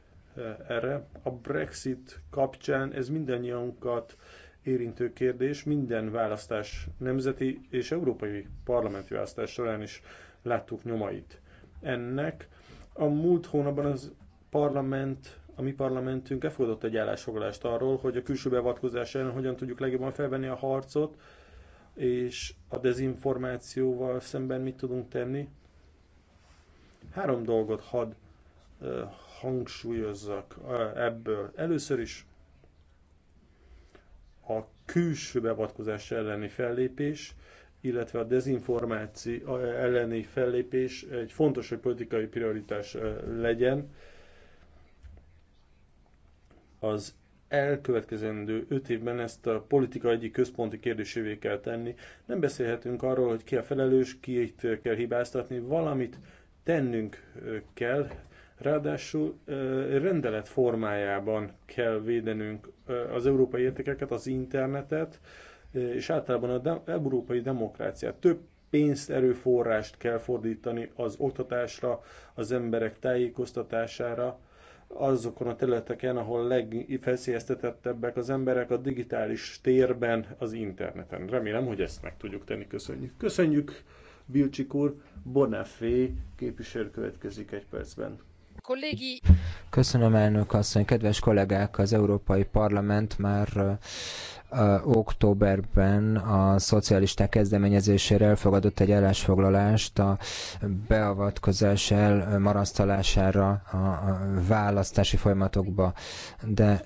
erre. A Brexit kapcsán ez mindannyiunkat érintő kérdés, minden választás, nemzeti és európai parlamenti választás során is láttuk nyomait ennek. A múlt hónapban az parlament, a mi parlamentünk elfogadott egy állásfoglalást arról, hogy a külső beavatkozás ellen hogyan tudjuk legjobban felvenni a harcot, és a dezinformációval szemben mit tudunk tenni. Három dolgot had hangsúlyozzak ebből. Először is a külső beavatkozás elleni fellépés, illetve a dezinformáció elleni fellépés egy fontos, hogy politikai prioritás legyen. Az elkövetkezendő öt évben ezt a politika egyik központi kérdésévé kell tenni. Nem beszélhetünk arról, hogy ki a felelős, ki itt kell hibáztatni, valamit tennünk kell, Ráadásul rendelet formájában kell védenünk az európai értékeket, az internetet, és általában az de európai demokráciát. Több pénzt, erőforrást kell fordítani az oktatásra, az emberek tájékoztatására, azokon a területeken, ahol legfeszélyeztetettebbek az emberek a digitális térben, az interneten. Remélem, hogy ezt meg tudjuk tenni. Köszönjük. Köszönjük, Vilcsik úr. Bonafé képviselő következik egy percben.
Köszönöm, elnök asszony. Kedves kollégák, az Európai Parlament már októberben a szocialisták kezdeményezésére elfogadott egy állásfoglalást a beavatkozás elmarasztalására a választási folyamatokba. De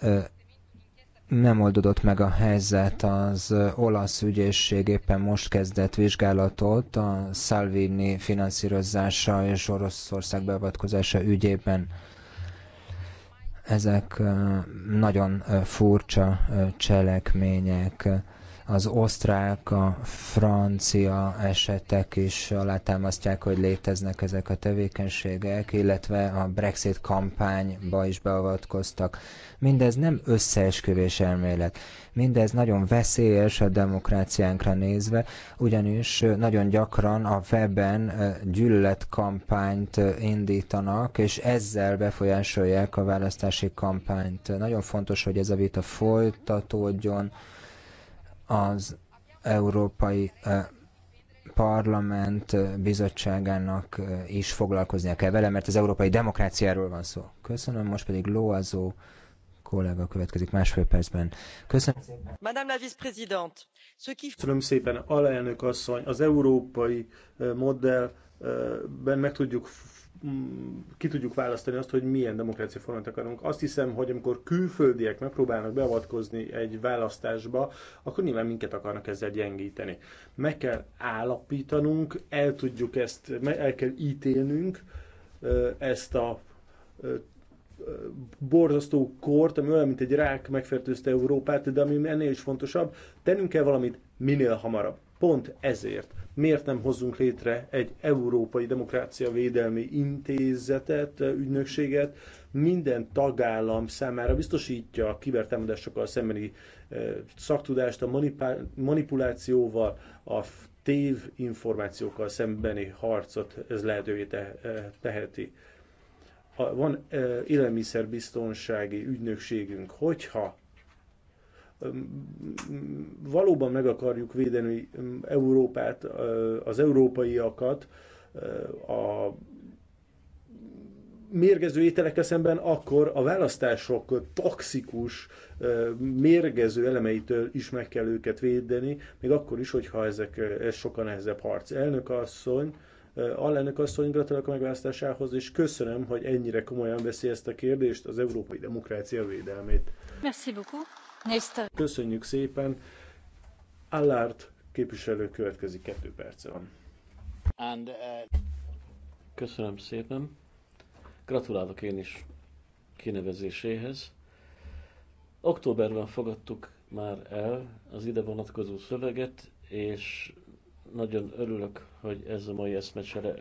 nem oldódott meg a helyzet, az olasz ügyészség éppen most kezdett vizsgálatot a Salvini finanszírozása és Oroszország beavatkozása ügyében. Ezek nagyon furcsa cselekmények. Az osztrák, a francia esetek is alátámasztják, hogy léteznek ezek a tevékenységek, illetve a Brexit kampányba is beavatkoztak. Mindez nem összeesküvés elmélet. Mindez nagyon veszélyes a demokráciánkra nézve, ugyanis nagyon gyakran a webben gyűlöletkampányt indítanak, és ezzel befolyásolják a választási kampányt. Nagyon fontos, hogy ez a vita folytatódjon, az Európai eh, Parlament eh, bizottságának eh, is foglalkoznia kell vele, mert az európai demokráciáról van szó. Köszönöm, most pedig Lóazó kollega következik másfél percben. Köszönöm szépen.
Madame la vice-présidente. Köszönöm szépen, alelnök asszony, az európai modellben meg tudjuk ki tudjuk választani azt, hogy milyen demokrácia formát akarunk. Azt hiszem, hogy amikor külföldiek megpróbálnak beavatkozni egy választásba, akkor nyilván minket akarnak ezzel gyengíteni. Meg kell állapítanunk, el tudjuk ezt, el kell ítélnünk ezt a borzasztó kort, ami olyan, mint egy rák megfertőzte Európát, de ami ennél is fontosabb, tennünk kell valamit minél hamarabb. Pont ezért miért nem hozzunk létre egy európai demokrácia védelmi intézetet, ügynökséget, minden tagállam számára biztosítja a kibertámadásokkal szembeni eh, szaktudást, a manipulációval, a tév információkkal szembeni harcot ez lehetővé eh, teheti. Van eh, élelmiszerbiztonsági ügynökségünk, hogyha valóban meg akarjuk védeni Európát, az európaiakat a mérgező ételekkel szemben, akkor a választások toxikus, mérgező elemeitől is meg kell őket védeni, még akkor is, hogyha ezek, ez sokkal nehezebb harc. Elnök asszony, alelnök asszony, gratulálok a megválasztásához, és köszönöm, hogy ennyire komolyan veszi ezt a kérdést, az európai demokrácia védelmét.
Merci beaucoup.
Köszönjük szépen.
Allard képviselő következik, kettő perce van. And, uh... Köszönöm szépen. Gratulálok én is kinevezéséhez. Októberben fogadtuk már el az ide vonatkozó szöveget, és nagyon örülök, hogy ez a mai eszmecsere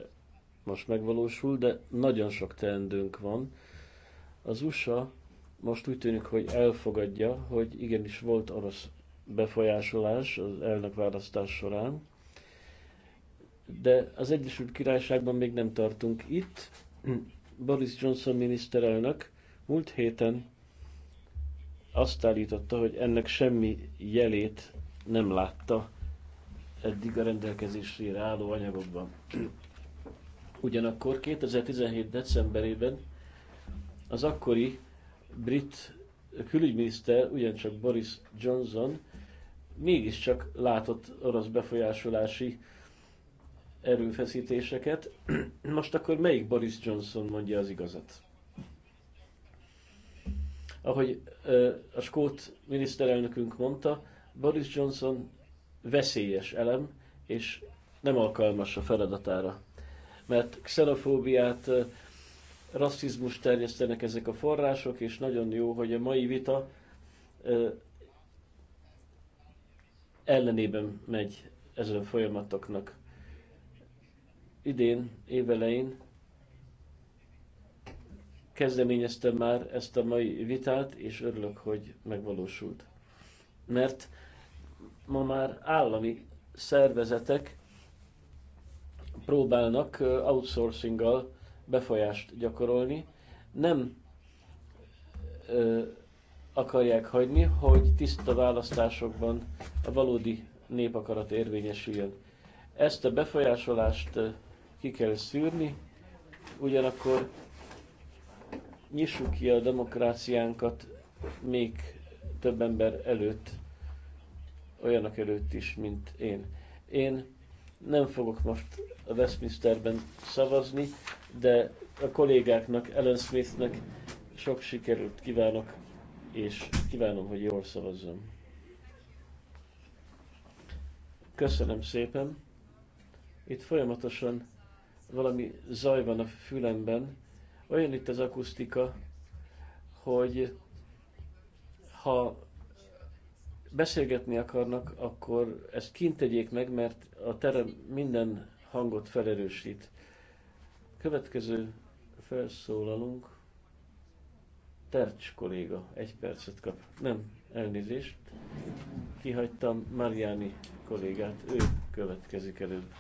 most megvalósul, de nagyon sok teendőnk van. Az USA most úgy tűnik, hogy elfogadja, hogy igenis volt orosz befolyásolás az elnökválasztás során, de az Egyesült Királyságban még nem tartunk itt. Boris Johnson miniszterelnök múlt héten azt állította, hogy ennek semmi jelét nem látta eddig a rendelkezésére álló anyagokban. Ugyanakkor 2017. decemberében az akkori brit külügyminiszter, ugyancsak Boris Johnson mégiscsak látott orosz befolyásolási erőfeszítéseket. [clears throat] Most akkor melyik Boris Johnson mondja az igazat? Ahogy a skót miniszterelnökünk mondta, Boris Johnson veszélyes elem, és nem alkalmas a feladatára. Mert xenofóbiát, rasszizmus terjesztenek ezek a források, és nagyon jó, hogy a mai vita ellenében megy ezen folyamatoknak. Idén, évelein kezdeményeztem már ezt a mai vitát, és örülök, hogy megvalósult. Mert ma már állami szervezetek próbálnak outsourcinggal befolyást gyakorolni, nem ö, akarják hagyni, hogy tiszta választásokban a valódi népakarat érvényesüljön. Ezt a befolyásolást ki kell szűrni, ugyanakkor nyissuk ki a demokráciánkat még több ember előtt, olyanok előtt is, mint én. Én nem fogok most a Westminsterben szavazni, de a kollégáknak, Ellen Smithnek sok sikerült kívánok, és kívánom, hogy jól szavazzon. Köszönöm szépen. Itt folyamatosan valami zaj van a fülemben. Olyan itt az akusztika, hogy ha beszélgetni akarnak, akkor ezt kint tegyék meg, mert a terem minden hangot felerősít. Következő felszólalunk. Tercs kolléga, egy percet kap. Nem, elnézést. Kihagytam Mariani kollégát, ő következik előbb.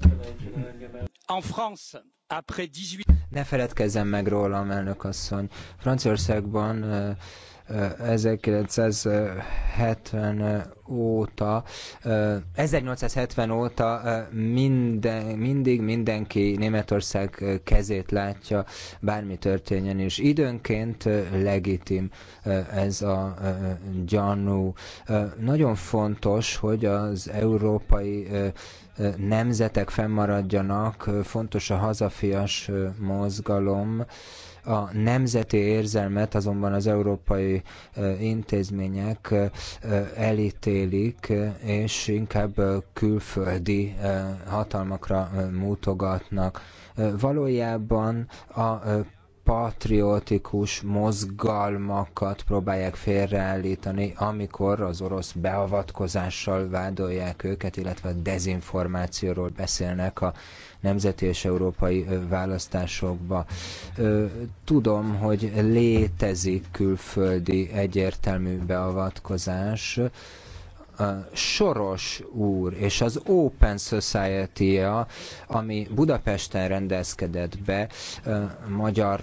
el. En France,
après 18 ne feledkezzen meg rólam, elnök asszony. Franciaországban 1970 óta, 1870 óta minden, mindig mindenki Németország kezét látja, bármi történjen is. Időnként legitim ez a gyanú. Nagyon fontos, hogy az európai nemzetek fennmaradjanak, fontos a hazafias mozgalom, a nemzeti érzelmet azonban az európai e, intézmények e, elítélik, és inkább külföldi e, hatalmakra mutogatnak. Valójában a patriotikus mozgalmakat próbálják félreállítani, amikor az orosz beavatkozással vádolják őket, illetve dezinformációról beszélnek a nemzeti és európai választásokba. Tudom, hogy létezik külföldi egyértelmű beavatkozás, Soros úr és az Open society -a, ami Budapesten rendezkedett be, magyar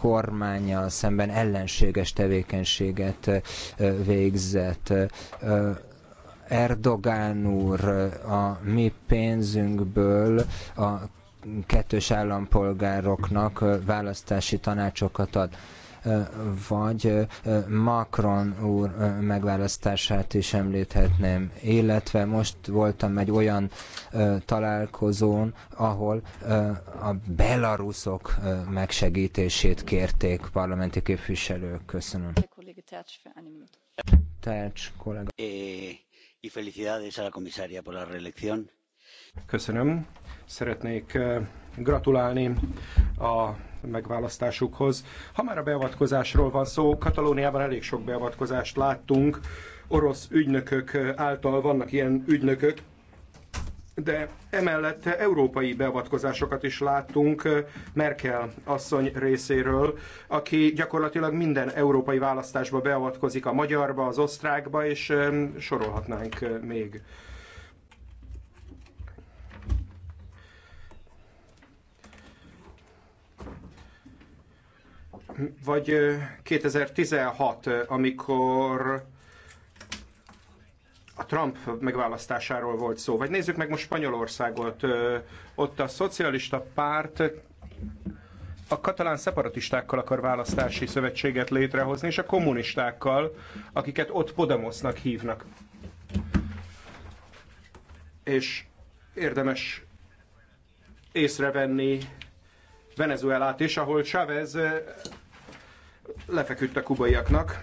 kormányjal szemben ellenséges tevékenységet végzett. Erdogán úr a mi pénzünkből a kettős állampolgároknak választási tanácsokat ad vagy Macron úr megválasztását is említhetném, illetve most voltam egy olyan találkozón, ahol a belaruszok megsegítését kérték parlamenti képviselők. Köszönöm. Tercs kollega. Eh,
y felicidades a la comisaria por la reelección. Köszönöm. Szeretnék gratulálni a megválasztásukhoz. Ha már a beavatkozásról van szó, Katalóniában elég sok beavatkozást láttunk, orosz ügynökök által vannak ilyen ügynökök, de emellett európai beavatkozásokat is láttunk Merkel asszony részéről, aki gyakorlatilag minden európai választásba beavatkozik, a magyarba, az osztrákba, és sorolhatnánk eh, még. vagy 2016, amikor a Trump megválasztásáról volt szó. Vagy nézzük meg most Spanyolországot. Ott a szocialista párt a katalán szeparatistákkal akar választási szövetséget létrehozni, és a kommunistákkal, akiket ott Podemosnak hívnak. És érdemes észrevenni Venezuelát is, ahol Chávez lefeküdt a kubaiaknak.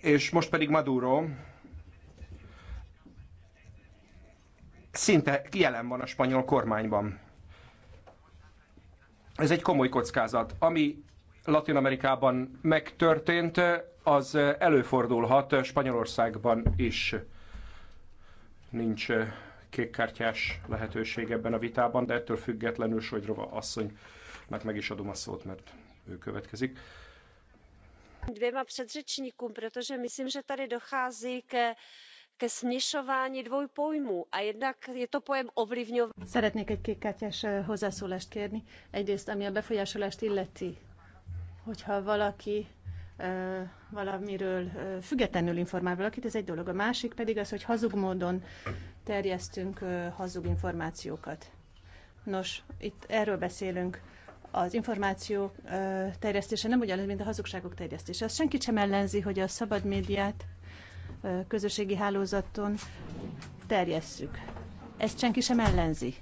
És most pedig Maduro szinte jelen van a spanyol kormányban. Ez egy komoly kockázat. Ami Latin Amerikában megtörtént, az előfordulhat Spanyolországban is. Nincs kékkártyás lehetőség ebben a vitában, de ettől függetlenül Sojdrova asszonynak meg is adom a szót, mert következik.
Dvěma předřečníkům, protože myslím, že tady dochází ke ke směšování dvou pojmů. A jednak je to pojem ovlivňování. Szeretnék egy kékkártyás eh, hozzászólást kérni. Egyrészt, ami a befolyásolást illeti, hogyha valaki eh, valamiről eh, függetlenül informál valakit, ez egy dolog. A másik pedig az, hogy hazug módon terjesztünk hazug információkat. Nos, itt erről beszélünk az információ terjesztése nem ugyanaz, mint a hazugságok terjesztése. Azt senki sem ellenzi, hogy a szabad médiát közösségi hálózaton terjesszük. Ezt senki sem ellenzi.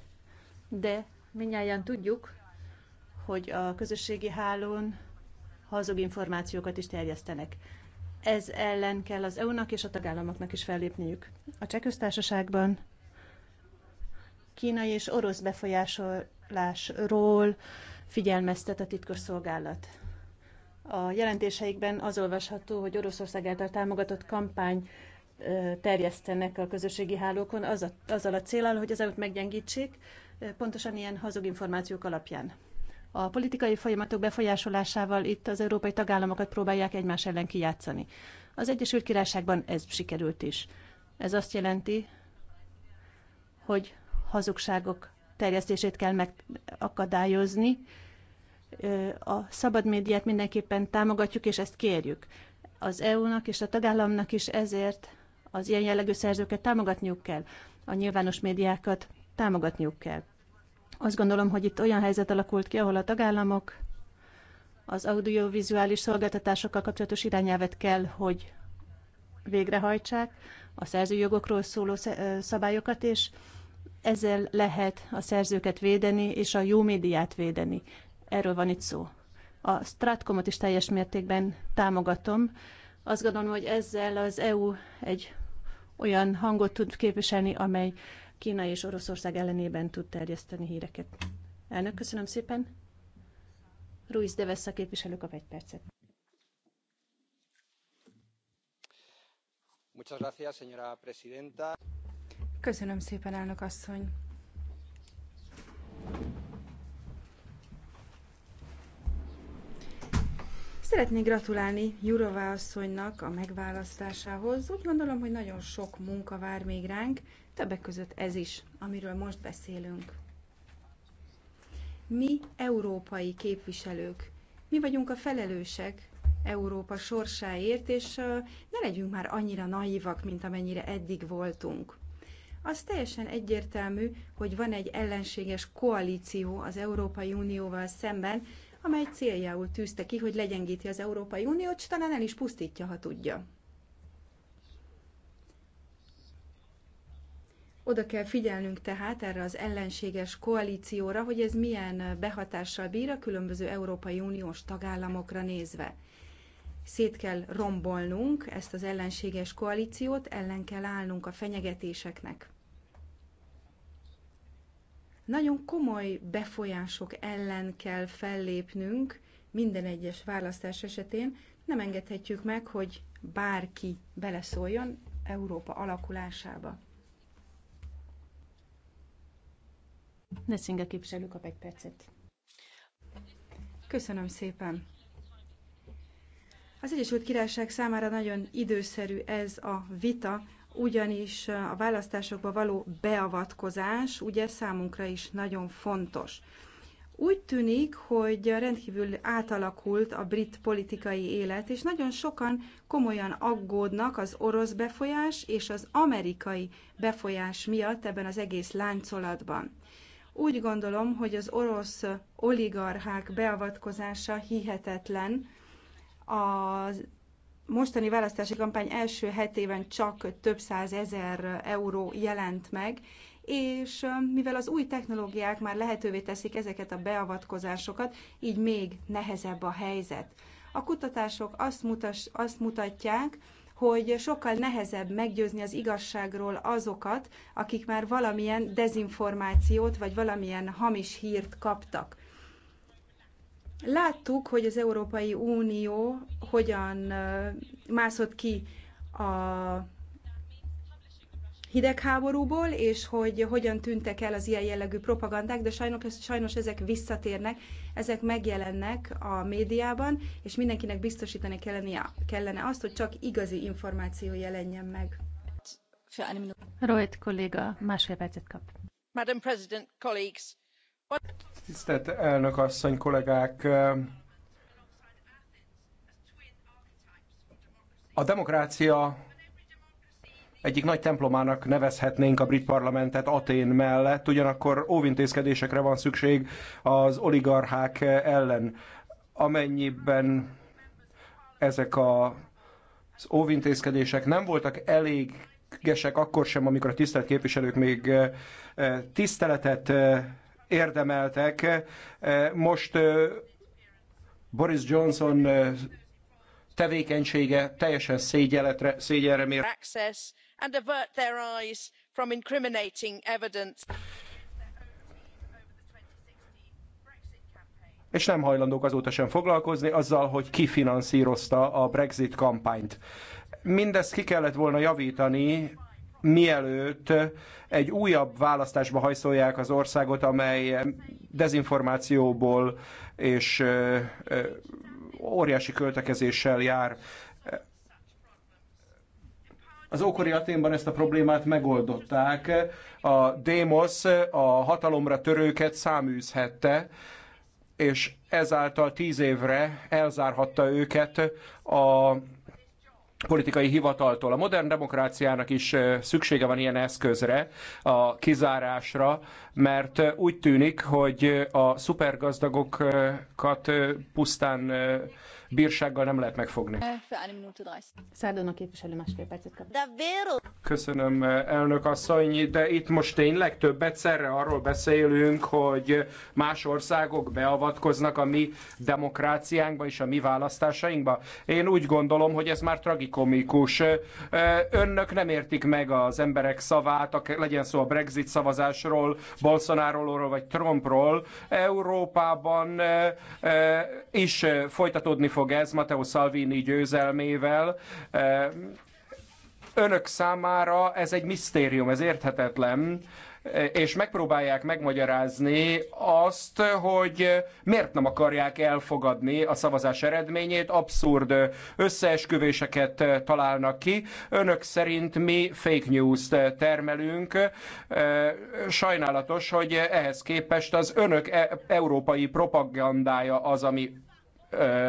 De minnyáján tudjuk, hogy a közösségi hálón hazug információkat is terjesztenek. Ez ellen kell az EU-nak és a tagállamoknak is fellépniük. A cseh kínai és orosz befolyásolásról figyelmeztet a titkosszolgálat. A jelentéseikben az olvasható, hogy Oroszország által támogatott kampány terjesztenek a közösségi hálókon az a, azzal a célral, hogy az EU-t meggyengítsék, pontosan ilyen hazug információk alapján. A politikai folyamatok befolyásolásával itt az európai tagállamokat próbálják egymás ellen kijátszani. Az Egyesült Királyságban ez sikerült is. Ez azt jelenti, hogy hazugságok terjesztését kell megakadályozni. A szabad médiát mindenképpen támogatjuk, és ezt kérjük. Az EU-nak és a tagállamnak is ezért az ilyen jellegű szerzőket támogatniuk kell, a nyilvános médiákat támogatniuk kell. Azt gondolom, hogy itt olyan helyzet alakult ki, ahol a tagállamok az audiovizuális szolgáltatásokkal kapcsolatos irányelvet kell, hogy végrehajtsák, a szerzőjogokról szóló szabályokat, és ezzel lehet a szerzőket védeni és a jó médiát védeni. Erről van itt szó. A Stratcomot is teljes mértékben támogatom. Azt gondolom, hogy ezzel az EU egy olyan hangot tud képviselni, amely Kína és Oroszország ellenében tud terjeszteni híreket. Elnök, köszönöm szépen. Ruiz de Vessa
képviselő
kap egy percet.
Muchas gracias, señora presidenta.
Köszönöm szépen, elnök asszony. Szeretnék gratulálni Jurová asszonynak a megválasztásához. Úgy gondolom, hogy nagyon sok munka vár még ránk, többek között ez is, amiről most beszélünk. Mi európai képviselők, mi vagyunk a felelősek Európa sorsáért, és ne legyünk már annyira naivak, mint amennyire eddig voltunk az teljesen egyértelmű, hogy van egy ellenséges koalíció az Európai Unióval szemben, amely céljául tűzte ki, hogy legyengíti az Európai Uniót, és talán el is pusztítja, ha tudja. Oda kell figyelnünk tehát erre az ellenséges koalícióra, hogy ez milyen behatással bír a különböző Európai Uniós tagállamokra nézve szét kell rombolnunk ezt az ellenséges koalíciót, ellen kell állnunk a fenyegetéseknek. Nagyon komoly befolyások ellen kell fellépnünk minden egyes választás esetén. Nem engedhetjük meg, hogy bárki beleszóljon Európa alakulásába. Ne Nessinga képviselő kap egy percet. Köszönöm szépen! Az Egyesült Királyság számára nagyon időszerű ez a vita, ugyanis a választásokba való beavatkozás ugye számunkra is nagyon fontos. Úgy tűnik, hogy rendkívül átalakult a brit politikai élet, és nagyon sokan komolyan aggódnak az orosz befolyás és az amerikai befolyás miatt ebben az egész láncolatban. Úgy gondolom, hogy az orosz oligarchák beavatkozása hihetetlen, a mostani választási kampány első hetében csak több százezer euró jelent meg, és mivel az új technológiák már lehetővé teszik ezeket a beavatkozásokat, így még nehezebb a helyzet. A kutatások azt, mutas, azt mutatják, hogy sokkal nehezebb meggyőzni az igazságról azokat, akik már valamilyen dezinformációt vagy valamilyen hamis hírt kaptak. Láttuk, hogy az Európai Unió hogyan mászott ki a hidegháborúból, és hogy hogyan tűntek el az ilyen jellegű propagandák, de sajnos, sajnos ezek visszatérnek, ezek megjelennek a médiában, és mindenkinek biztosítani kellene, kellene azt, hogy csak igazi információ jelenjen meg.
Rojt kolléga másfél percet
kap.
Madam President, colleagues.
What... Tisztelt elnök asszony, kollégák! A demokrácia egyik nagy templomának nevezhetnénk a brit parlamentet Atén mellett, ugyanakkor óvintézkedésekre van szükség az oligarchák ellen. Amennyiben ezek a az óvintézkedések nem voltak elég gesek akkor sem, amikor a tisztelt képviselők még eh, tiszteletet eh, érdemeltek. Eh, most eh, Boris Johnson eh, tevékenysége teljesen szégyeletre, szégyelre mér. És nem hajlandók azóta sem foglalkozni azzal, hogy ki finanszírozta a Brexit kampányt. Mindezt ki kellett volna javítani mielőtt egy újabb választásba hajszolják az országot, amely dezinformációból és óriási költekezéssel jár. Az ókori Aténban ezt a problémát megoldották. A Démosz a hatalomra törőket száműzhette, és ezáltal tíz évre elzárhatta őket a politikai hivataltól. A modern demokráciának is szüksége van ilyen eszközre, a kizárásra, mert úgy tűnik, hogy a szupergazdagokat pusztán bírsággal nem lehet megfogni.
Eh, a képviselő másfél percet kap.
Köszönöm, eh, elnök asszony, de itt most tényleg több egyszerre arról beszélünk, hogy más országok beavatkoznak a mi demokráciánkba és a mi választásainkba. Én úgy gondolom, hogy ez már tragikomikus. Eh, önök nem értik meg az emberek szavát, legyen szó a Brexit szavazásról, bolsonaro vagy Trumpról. Európában is folytatódni fog fog ez Matteo Salvini győzelmével. E, önök számára ez egy misztérium, ez érthetetlen e, és megpróbálják megmagyarázni azt, hogy miért nem akarják elfogadni a szavazás eredményét, abszurd összeesküvéseket találnak ki. Önök szerint mi fake news-t termelünk. E, sajnálatos, hogy ehhez képest az önök európai propagandája az, ami